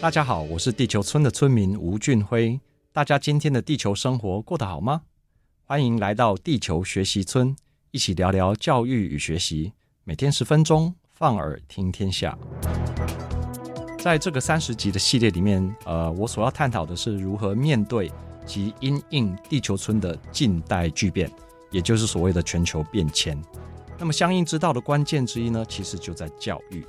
大家好，我是地球村的村民吳俊輝。大家今天的地球生活過得好嗎？歡迎來到地球學習村，一起聊聊教育與學習。每天十分鐘，放耳聽天下。在這個三十集的系列裡面，呃，我所要探討的是如何面對及因應地球村的近代巨變，也就是所謂的全球變遷。那麼相應之道的關鍵之一呢，其實就在教育。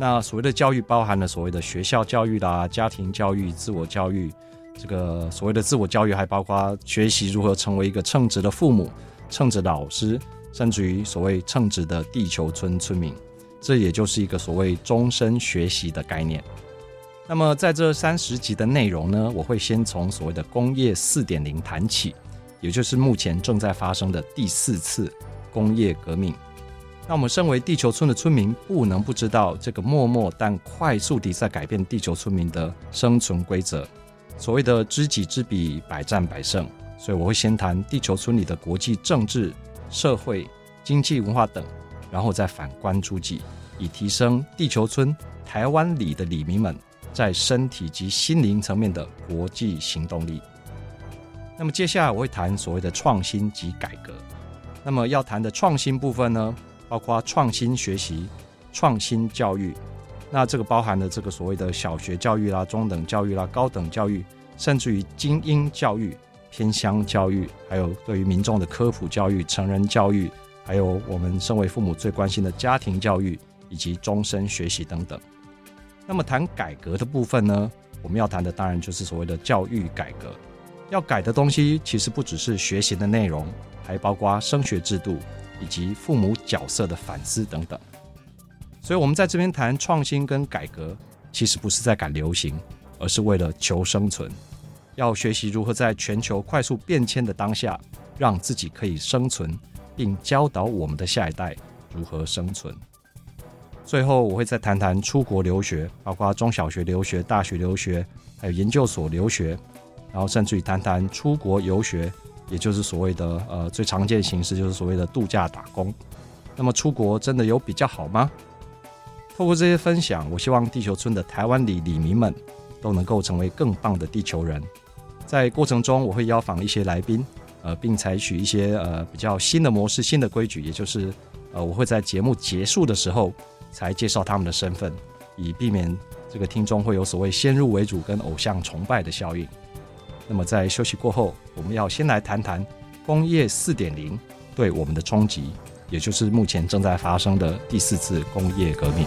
那所謂的教育包含了所謂的學校教育啦、家庭教育、自我教育。這個所謂的自我教育還包括學習如何成為一個稱職的父母、稱職的老師，甚至於所謂稱職的地球村村民。這也就是一個所謂終身學習的概念。那麼在這三十集的內容呢，我會先從所謂的工業四點零談起，也就是目前正在發生的第四次工業革命。那我們身為地球村的村民，不能不知道這個默默但快速地在改變地球村民的生存規則。所謂的知己知彼，百戰百勝。所以我會先談地球村裡的國際政治、社會、經濟、文化等，然後再反觀諸己，以提升地球村台灣裡的里民們在身體及心靈層面的國際行動力。那麼接下來我會談所謂的創新及改革。那麼要談的創新部分呢？包括創新學習、創新教育，那這個包含了這個所謂的小學教育啦、中等教育啦、高等教育，甚至於精英教育、偏鄉教育，還有對於民眾的科普教育、成人教育，還有我們身為父母最關心的家庭教育，以及終身學習等等。那麼談改革的部分呢，我們要談的當然就是所謂的教育改革，要改的東西其實不只是學習的內容，還包括升學制度。以及父母角色的反思等等，所以，我們在這邊談創新跟改革，其實不是在趕流行，而是為了求生存，要學習如何在全球快速變遷的當下，讓自己可以生存，並教導我們的下一代如何生存。最後，我會再談談出國留學，包括中小學留學、大學留學，還有研究所留學，然後甚至於談談出國遊學。也就是所謂的呃，最常見的形式就是所謂的度假打工。那麼出國真的有比較好嗎？透過這些分享，我希望地球村的台灣里里民們都能夠成為更棒的地球人。在過程中，我會邀訪一些來賓，呃，並採取一些呃比較新的模式、新的規矩，也就是呃我會在節目結束的時候才介紹他們的身份，以避免這個聽眾會有所謂先入為主跟偶像崇拜的效應。那麼在休息過後，我們要先來談談工業4.0對我們的衝擊，也就是目前正在發生的第四次工業革命。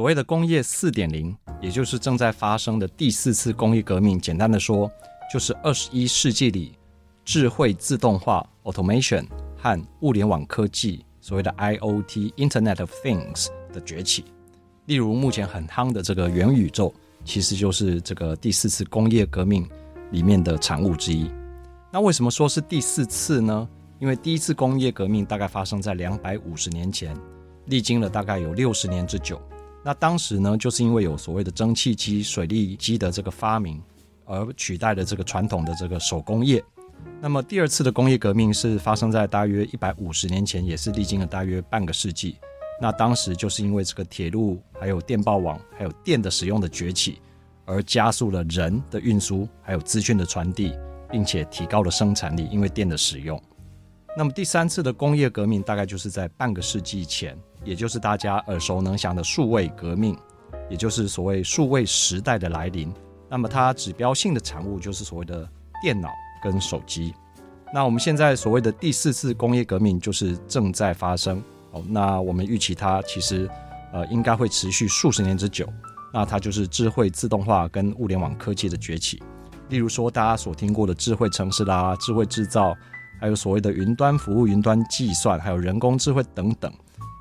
所謂的工業四點零，也就是正在發生的第四次工業革命。簡單的說，就是二十一世紀裡智慧自動化 （automation） 和物聯網科技（所謂的 IOT，Internet of Things） 的崛起。例如，目前很夯的這個元宇宙，其實就是這個第四次工業革命裡面的產物之一。那為什麼說是第四次呢？因為第一次工業革命大概發生在兩百五十年前，歷經了大概有六十年之久。那當時呢，就是因為有所謂的蒸汽機、水力機的這個發明，而取代了這個傳統的這個手工業。那麼第二次的工業革命是發生在大約一百五十年前，也是歷經了大約半個世紀。那當時就是因為這個鐵路、還有電報網、還有電的使用的崛起，而加速了人的運輸，還有資訊的傳遞，並且提高了生產力，因為電的使用。那麼第三次的工業革命大概就是在半個世紀前，也就是大家耳熟能詳的數位革命，也就是所謂數位時代的來臨。那麼它指標性的產物就是所謂的電腦跟手機。那我們現在所謂的第四次工業革命就是正在發生。哦，那我們預期它其實呃應該會持續數十年之久。那它就是智慧自動化跟物聯網科技的崛起，例如說大家所聽過的智慧城市啦、智慧制造。還有所謂的雲端服務、雲端計算，還有人工智慧等等，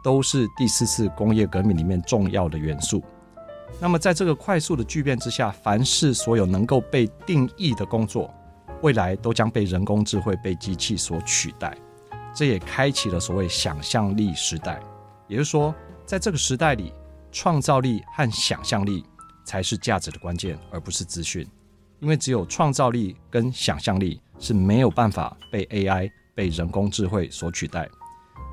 都是第四次工業革命裡面重要的元素。那麼，在這個快速的巨變之下，凡是所有能夠被定義的工作，未來都將被人工智慧、被機器所取代。這也開啟了所謂想象力時代，也就是說，在這個時代裡，創造力和想象力才是價值的關鍵，而不是資訊。因為只有創造力跟想象力是沒有辦法被 AI、被人工智慧所取代。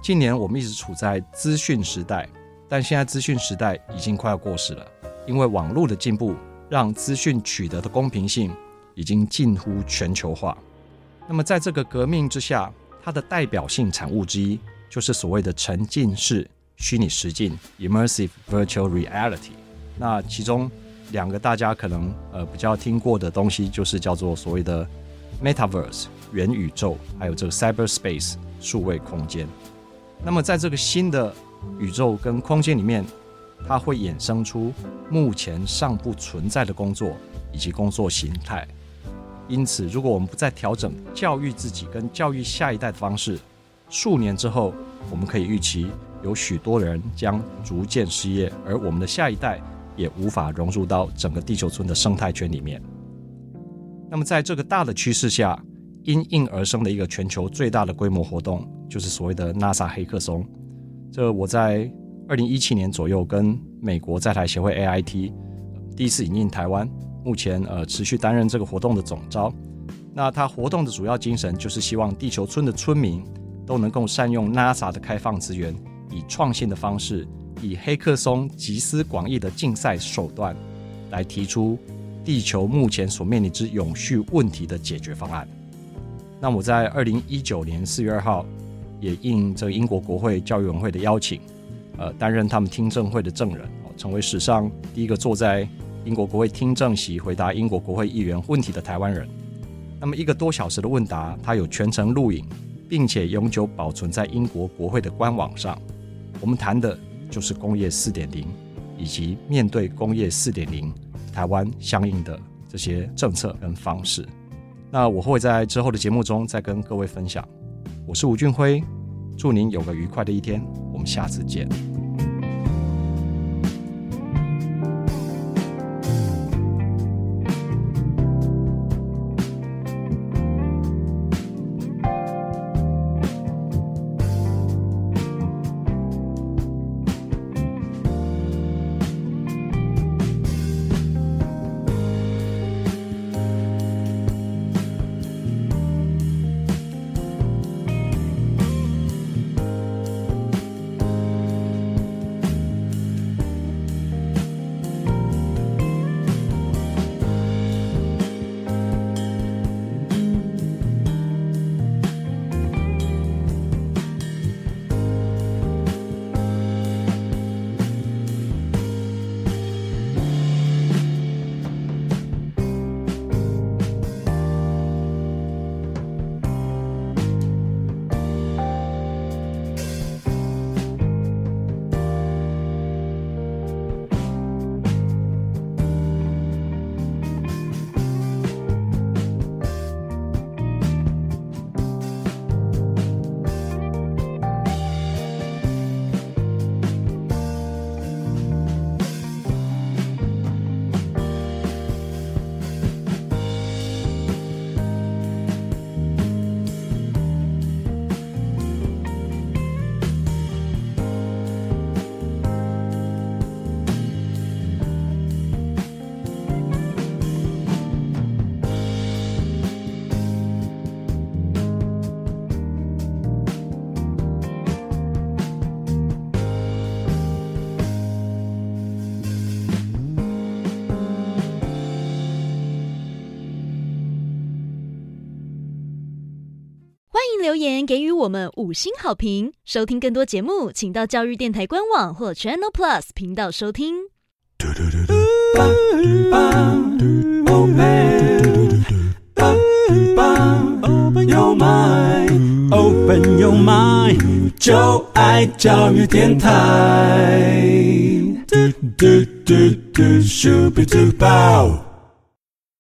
近年我們一直處在資訊時代，但現在資訊時代已經快要過時了，因為網絡的進步讓資訊取得的公平性已經近乎全球化。那麼在這個革命之下，它的代表性產物之一就是所謂的沉浸式虛擬實境 （Immersive Virtual Reality）。那其中，兩個大家可能呃比較聽過的東西，就是叫做所謂的 metaverse 元宇宙，還有這個 cyberspace 數位空間。那麼在這個新的宇宙跟空間裡面，它會衍生出目前尚不存在的工作以及工作形態。因此，如果我們不再調整教育自己跟教育下一代的方式，數年之後，我們可以預期有許多人將逐漸失業，而我們的下一代。也無法融入到整個地球村的生態圈裡面。那麼，在這個大的趨勢下，因應而生的一個全球最大的規模活動，就是所謂的 NASA 黑客松。這我在二零一七年左右跟美國在台協會 AIT 第一次引進台灣，目前呃持續擔任這個活動的總召。那它活動的主要精神，就是希望地球村的村民都能夠善用 NASA 的開放資源，以創新的方式。以黑客松集思廣益的競賽手段，來提出地球目前所面臨之永續問題的解決方案。那我在二零一九年四月二號，也應這英國國會教育委員會的邀請，呃，擔任他們聽證會的證人，成為史上第一個坐在英國國會聽證席回答英國國會議員問題的台灣人。那麼一個多小時的問答，他有全程錄影，並且永久保存在英國國會的官網上。我們談的。就是工業四點零，以及面對工業四點零，台灣相應的這些政策跟方式，那我會在之後的節目中再跟各位分享。我是吳俊輝，祝您有個愉快的一天，我們下次見。留言給予我們五星好評，收聽更多節目，請到教育電臺官網或 Channel Plus 頻道收聽。嘟嘟嘟嘟，嘟嘟嘟嘟嘟嘟嘟嘟